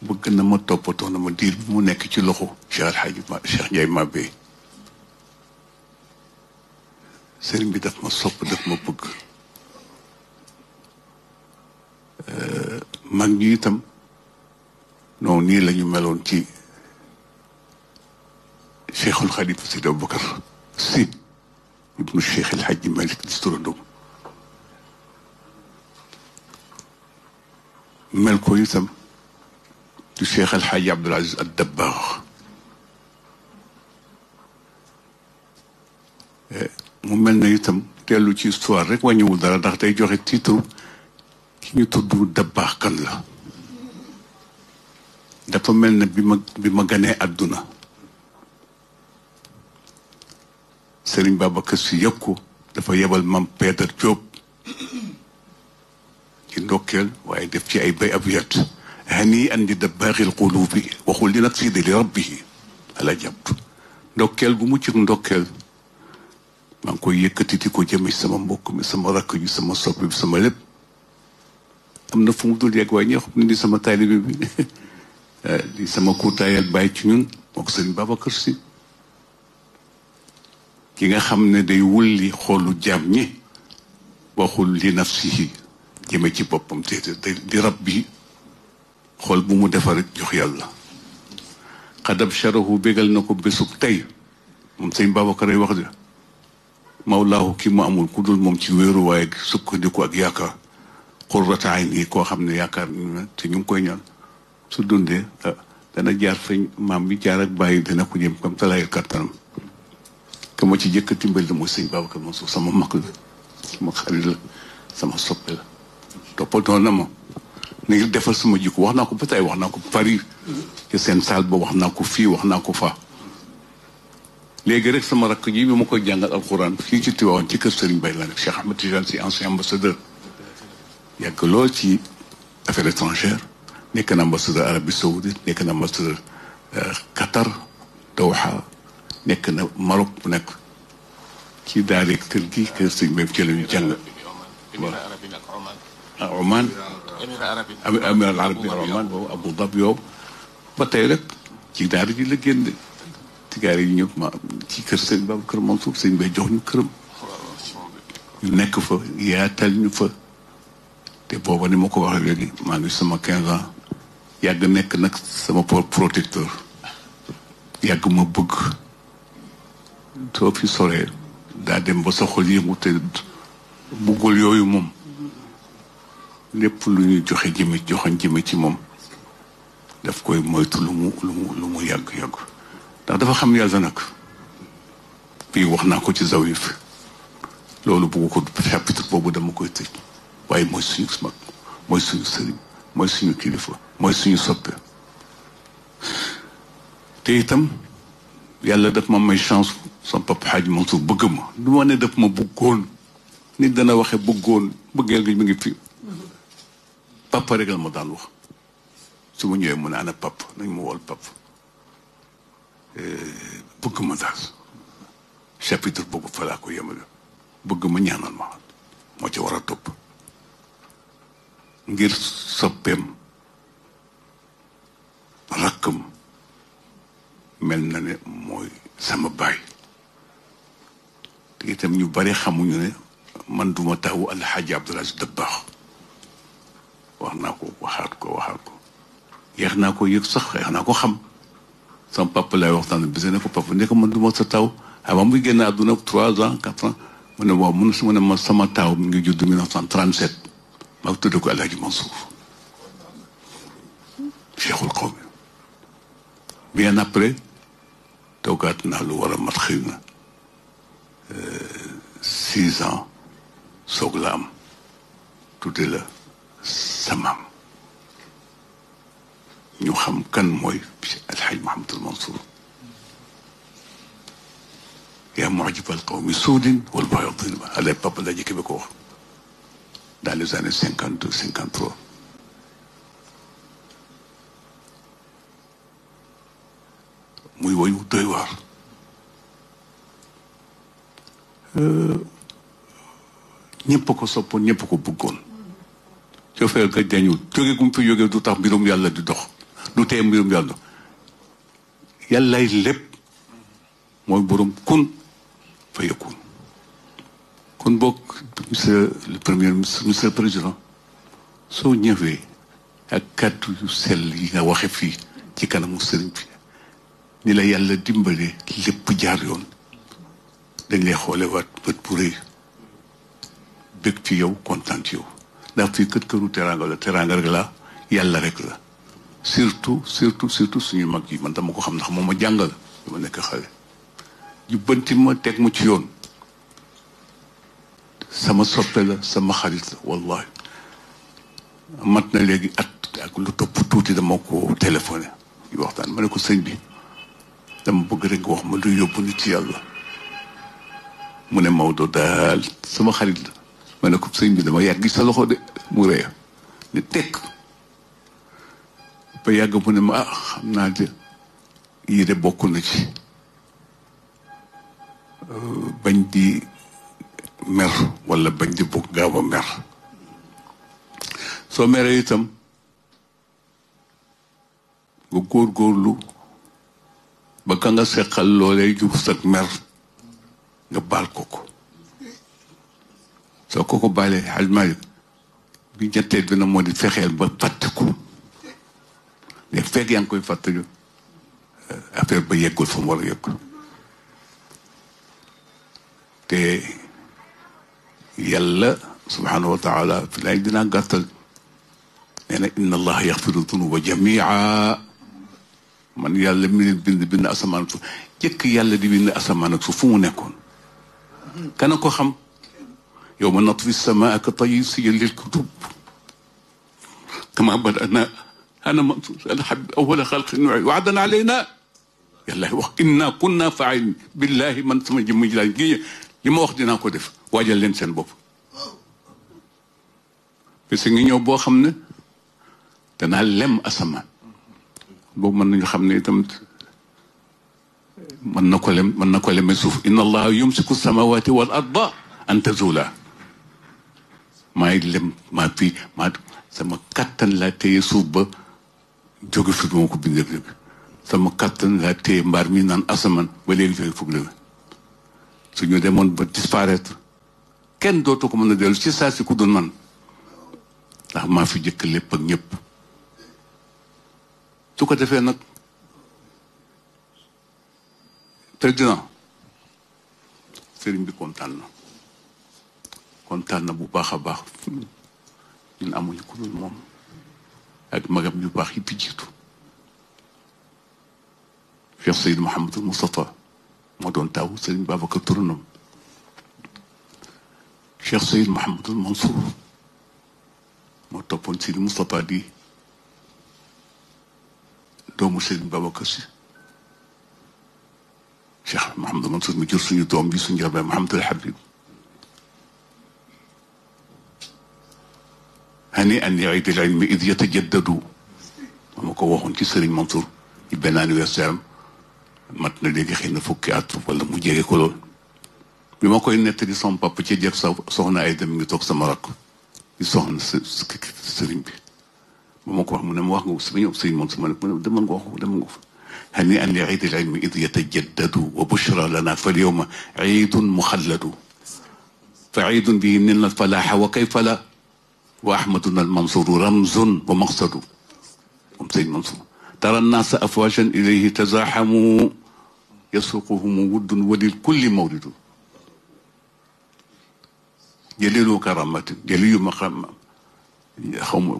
bëgg na ma toppatoo na ma diir bi mu nekk ci loxo Cheikh Alhaji ma Cheikh Ndiaye Mabé sëriñ bi daf ma sop daf ma bëgg euh, mag ñi itam noonu nii la ñu meloon ci Cheikhul Khalifa Seydi Aboubacar Sy ibnu Cheikh El Hadji Malick di mel ko itam du Cheikh El Hadj Al Dabakh eh, mu mel na itam dellu ci histoire rek ñëwul dara ndax day joxe titre ki ñu tudd Dabakh kan la dafa mel na bi ma ganee àdduna Sëriñ Babacar Si yëg ko dafa yebal mam Peter Diop ci ndokkeel waaye def ci ay bay ab hanian li dabbaaxil quluubi li nag siidi li rabbihi ala jabtu ndokkeel gu maa ngi koy yëkkati di ko jëme sama mbokk mi sama rakk sama sopp sama lépp am na dul yegg sama taalibe sama kuutaayal ci ñun mook sëriñ nga xam ne day wulli xoolu jaam ñi waxul li nafsihi jëme ci boppam te di rab bi xool bu mu defar jox yàlla xadab sharahu bégal na ko bésub tey moom sëñ Babacar ay wax de mawlaahu ki mu amul ku dul moom ci wéeruwaay sukkandiku ak yaakaar xurrata ayn yi koo xam ne yaakaar na te ñu ngi koy ñaan su dundee ah, dana jaar feñ maam bi jaar ak bàyyi dana ko jëm comme talaayal kattanam ka ma ci jëkk timbal la mooy sëñ Babacar su sama mag la sama xarit la sama soppe la toppatoo na ma ngir defal suma jikko wax naa ko Bataay wax naa ko Paris ci seen salle ba wax naa ko fii wax naa ko fa léegi rek sama rakk ji bi ma koy jàngal alxuraan fii ci Tiwaawan ci kër Serigne Baye la nekk Cheikh Ahmed Tidiane Sy ancien ambassadeur yàgg lool ci affaires étrangères nekk na ambassadeur Arabie Saoudite nekk na ambassadeur euh, Qatar Doha nekk na Maroc bu nekk ci daare kër gi kër Serigne ci la ñu jàng amiral arabi rahman boobu abu dhabi yoobu ba tey rek ci daara ji la génne tigaar yi ñëpp ma ci kër sëñ Baba kër Mansour sëñ bay jox ñu këram nekk fa yaatal ñu fa te booba ni ma ko waxee léegi maa ngi sama 15 ans yàgg nekk nag sama protecteur yàgg ma bëgg soo fi soree daa dem ba sa xol yëngu te bëggul yooyu moom lépp lu ñuy joxe jëme joxoñ jëme ci moom daf koy moytu lu mu lu mu lu mu yàgg-yàgg ndax dafa xam yàlla nag fii wax naa ko ci zawif loolu bugg ko chapitre boobu dama koy tëj waaye suñu kilifa mooy suñu soppe te itam yàlla daf ma may chance sama papa Hadj Mansour bëgg ma du ma ne daf ma bëggoon nit dana waxe bëggoon bëggeel gi mi ngi fi papa rek la ma daan wax su ma ñëwee mu ne ana pap nañ ma wool pap eh, bëgg ma daal chapitre boobu fa laa ko bëgg ma ñaanal ma moo ci war a topp ngir soppeem rakkam mel na ne mooy sama baay te itam ñu bari xamuñu ne man duma tawu alxaaji Abdul Aziz Dabakh wax naa ko waxaat ko waxaat ko yeex naa ko yëg sax yeex naa ko xam sama papa lay waxtaan bés ne ko papa ne ko man du ma sa taw avant muy génn àdduna trois ans quatre ans mu ne waaw mun ma ne ma sama taw mi ngi judd 1937 maa ngi tudd ko El Hadj Mansour cheikhul xaw mi bien après toogaat naa lu war a mat xëy na euh, six ans soog la am tuuti la samam ñu xam kan mooy alxaj mahamadul mansour yaa mujibal qawmi suudin wal bayadin ala papa la jëkk ko wax dans les années cinquante deux cinquante muy woyu doy waar euh, ñëpp ko soppoon cofeel ga dañul jóge gum fi jóge du tax mbirum yàlla di dox du tee mbirum yàlla yàllay lépp mooy borom kun fa yëkkun kon bokk monsieur premier ministre monsieur président soo ñëwee ak kàddu yu sell yi nga waxe fii ci kanamu sëriñ bi ni la yàlla dimbalee lépp jaar yoon dañ lay xoolewaat bët bu rëy bëgg ci yow kontaan yow ndax fii kër këru teraanga la teraanga rek la yàlla rek la surtout surtout surtout suñu mag yi man dama ko xam ndax moom ma jàngal dama nekk xale jubbanti ma teg ma ci yoon sama soppe la sama xarit la wallahi mat na léegi at ak lu topp tuuti dama ko téléphoné yu waxtaan ma ne ko sëñ bi dama bëgg rek wax ma lu yóbbu nit ci yàlla mu ne Maodo daal sama xarit la ma ne ko sëñ bi dama yàgg sa loxo de mu ree ne tekk ba yàgg mu ne ma ah xam naa de yii de bokk na ci euh, bañ di mer wala bañ di bokk gaaw mer soo meree itam nga góorgóorlu ba ka nga seqal loolee jub sag mer nga baal ko ko soo ko ko baalee Hadj Malick bi ñetteel bi na moo di fexeel ba fàttiku ne fekk yaa ngi koy fàttali euh, affaire ba yeggul fa mu war a yegg te yàlla subhanahu wa taala fi laay dinaa gàttal nee na inna allaha yaxfiru dunuba jamia man yàlla mi leen bind bind asamaan ak yàlla di bind asamaan mu nekkoon يوم نطوي السماء كطي سجل للكتب كما بدأنا أنا الحب أول خلق نوعي وعدا علينا يلا إنا كنا فاعلين بالله man sama jëmm ji laaj gi li ma wax dinaa ko def waajal leen seen bopp bés ngi ñëw boo xam ne danaa lem asamaan boobu mën nañu xam ne itam mën na ko lem mën na ko leme suuf inna allaha yumsiku samawati wal arda an tazula maay lem maa fii maa sama kattan laa téye suuf ba jóge fi moo ko bindee lépp sama kattan laa téye mbaar mii naan asamaan ba léegi jóge fukk la su ñu demoon ba disparaître kenn dootu ko mën a dellu ci saa si ku dul man ndax maa fi jëkk lépp ak ñëpp su ko defee nag président sëriñ bi kontaan na kontaan na bu baax a baax ñun amuñu ku dul moom ak magam yu baax yi fi jiitu Cheikh Seydou Mouhamadul Moustapha moo doon taawu Serigne Babacar Tournom Cheikh Seydou Mouhamadul Mansour moo toppoon Seydou Moustapha di doomu Serigne Babacar si Cheikh Mouhamadul Mansour mu jur suñu doom bi suñu rabee Mouhamadul Habib hani an yaid al ilmi id yatajaddadu ma ko waxoon ci Serigne Mansour ci benn anniversaire am mat na léegi xëy na fukki at wala mu jege ko lool bi ma koy nettali sama papa ci jëf sa soxna ay dem mi ngi toog sama rakk di soxna sëriñ bi ba ma ko wax mu ne ma wax nga sama ñëw Serigne Mansour ma ne mu ne demal nga wax demal nga fa hani an yaid al ilmi id yatajaddadu wa bushra lana fal yawma iidun muxalladu fa iidun bihi nil falaaxa wa kayfa la wa ahmaduna al mansuru ramzun wa maqsadu moom sëñ Mansour tara naasa afwajan ilayhi tazahamu yasuquhum wuddun walil kulli mawridu jëlilu karamatin jëliyu maqama xaw ma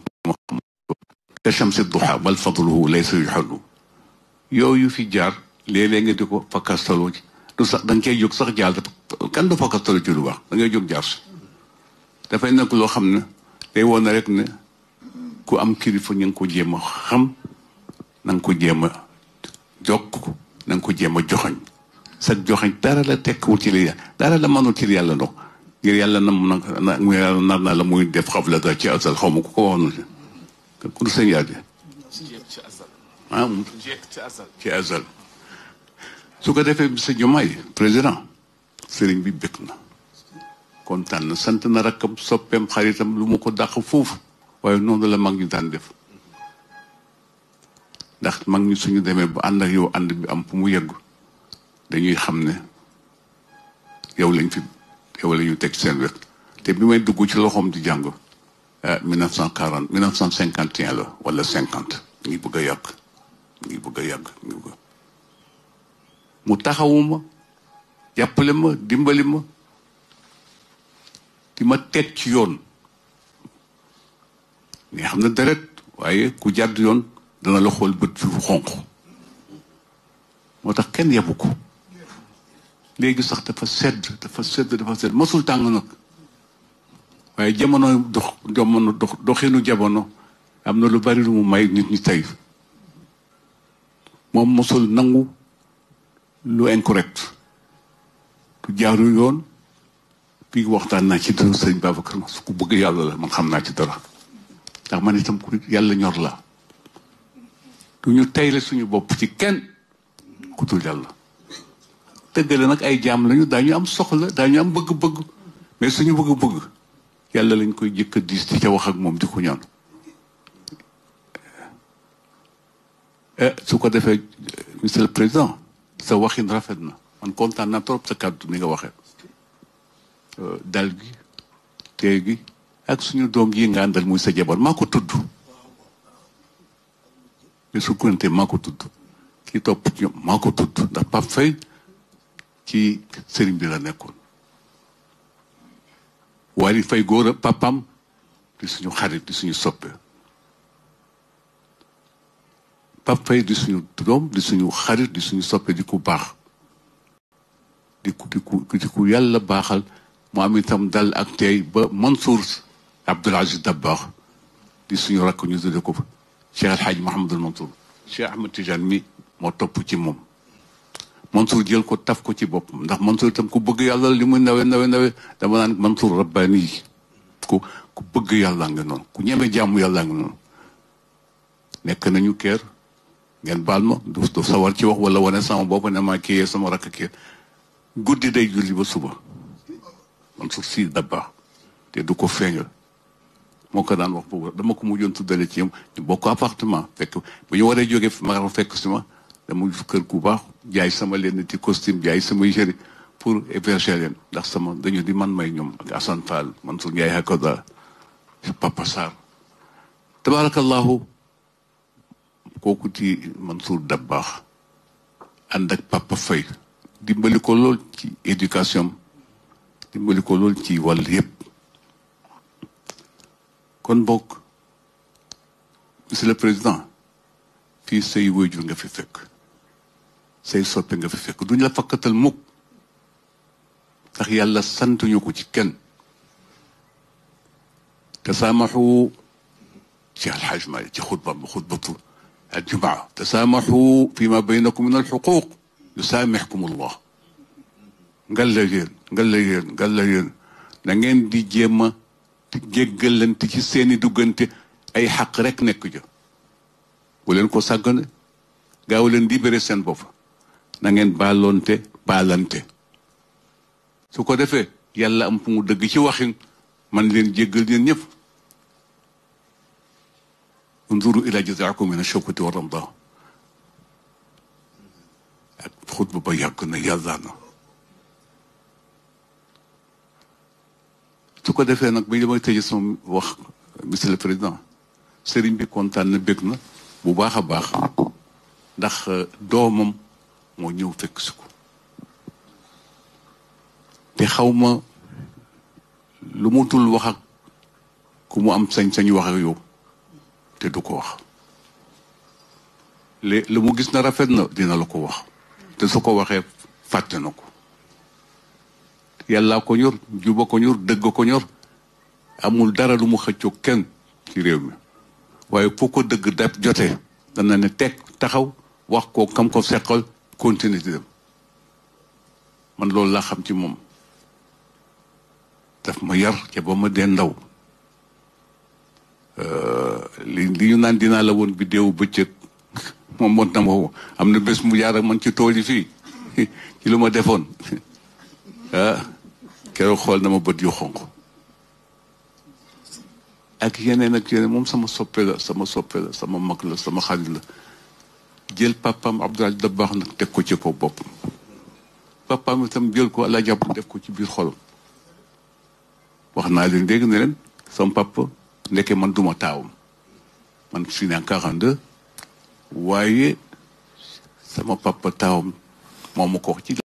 ka chamsi duha bal fadluhu laysa yuxallu yooyu fi jaar léeg-léeg nga di ko fakastaloo ci du sax da nga koy jóg sax jaal kan du fakastaloo ci lu baax da ngay jóg jaar si dafay nekk loo xam ne tey woon na rek ne ku am kilifa ñu ngi ko jéem xam na nga ko jéem a jokk na nga ko jéem a joxoñ sa joxoñ dara la tekkiwul ci li dara la mënul yàlla ndox ngir yàlla na mu na nar naa la muy def xab la da ci asal xaw ma ku ko waxoon ku du ah, ci asal su ko defee sa jumaay président sëriñ bi bëgg na kontaan na sant na rakkam soppeem xaritam lu ma ko dàq foofu waaye noonu la mag ñu daan def ndax mag ñi suñu demee ba ànd yow ànd bi am fu mu yëggu dañuy xam ne yow lañ fi yow la ñu teg seen wet te bi may dugg ci loxoom di jàng ah, mille neuf cent quarante mille neuf cent cinquante et la wala cinquante ngi bëgg a yàgg ngi bëgg a yàgg mu taxawuma jàppale ma dimbali ma di ma teg ci yoon mais xam na deret waaye ku jàdd yoon dana la xool bët fu xonq moo tax kenn yebu ko léegi sax dafa sedd dafa sedd dafa sedd masul tàng nag waaye jamono dox jamono dox jamono am na lu bari lu mu may nit ñi tey moom mosul nangu lu incorrect du jaaru yoon fii waxtaan naa ci dara sëñ Babacar Mas ku bëgg yàlla la man xam naa ci dara ndax man itam ku yàlla ñor la du ñu tayle suñu bopp ci kenn ku dul yàlla dëggale nag ay jaam lañu daañu am soxla daañu am bëgg-bëgg mais suñu bëgg-bëgg yàlla lañ koy jëkk a diis di ca wax ak moom di ko ñaan eh, su ko defee monsieur le président sa waxin rafet na man kontaan naa trop sa kàddu ni nga waxee Euh, dal gi tey ak suñu doom yi nga àndal muy sa jabar maa ko tudd Youssou Kounté maa ko tudd kii topp ci maa ko tudd ndax Pape Faye ci sëriñ bi la nekkoon Wali fay góor a papam di suñu xarit di suñu soppe suñu doom xarit di suñu soppe di ku baax di ku di ku di ku yàlla baaxal mu am itam dal ak tey ba Mansour Abdoul Aziz Dabakh di suñu rakk ñu tudde ko Cheikh El Hadj Mouhamadul Mansour Cheikh Ahmed Tidiane mi moo topp ci moom Mansour jël ko taf ko ci boppam ndax Mansour itam ku bëgg yàlla li muy nawe nawe nawe dama naan Mansour rabbaani yi ko ku bëgg yàlla nga noonu ku ñeme jàmm yàlla nga noonu nekk nañu kër ngeen baal ma du sawar ci wax wala wane sama bopp ne maa kiyee sama rakk kii guddi day julli ba suba Mansour Sy Dabakh te du ko feeñal moo ko daan wax boobu dama ko mujjoon tuddale ci yam ñu bokk appartement fekk bu ñu waree jógee ma fekk si ma dama kër gu baax jaay sama lenn ci costume jaay sama yére pour héberger sama dañu di man may ñoom ak Assane Fall Mansour Ndiaye Hakoda Papa Sarr tabarakallahu kooku ci Mansour Dabakh ànd ak Papa fay dimbali ko lool ci éducation dimbali ko lool ci wàll yépp kon bokk monsieur le président fii say waajur nga fi fekk say soppe nga fi fekk duñ la fakkatal mukk ndax yàlla sant ñu ko ci kenn tasaamaxu ci alxaaj Maalik ci xutbam xutbatu aljumaa tasaamaxu fi ma baynakum min alxuquq yusaamixkum allah ngalla yéen ngalla yéen ngalla yéen na ngeen di jéem a jéggalante ci seeni duggante ay xaq rek nekk ja bu leen ko sàggane gaaw leen di béré seen bopp na ngeen baalonte baalante su ko defee yàlla am fu mu dëgg ci waxin man leen jéggal ñeen ñëpp unzuru ila jazaakum min ashokoti wa ramda ak xutba ba yàgg na yàlla na su ko defee nag bi damay tëjee sama wax monsieur président sëriñ bi kontaan na bég na bu baax a baax ndax euh, doomam moo ñëw fekk si ko te xawma lu mu tul wax ak ku mu am sañ-sañu wax ak yow te du ko wax lé lu mu gis na rafet na dina la ko wax te su ko waxee fàtte na ko yàlla ko ñor juba ko ñor dëgg ko ñor amul dara lu mu xëccoo kenn ci réew mi waaye fu ko dëgg dab jotee dana ne teg taxaw wax ko kam ko seqal continuer di dem man loolu laa xam ci moom daf ma yar ca ba ma dee ndaw euh, li li ñu naan dinaa la woon biddeewu bëccëg moom moon na ma am na bés mu jaar ak man ci tool yi fii ci lu ma defoon ah. keroog xool na ma bët yu xonq ak yeneen ak yeneen moom sama soppe la sama soppe la sama mag la sama xarit la jël papaam Abdoulaye da baax nag teg ko ci ko bopp papaam itam jël ko ala jàpp def ko ci biir xolam wax naa leen dégg ne leen sama papa ndekke man duma taawam man je suis né waaye sama papa taawam moo ma wax ci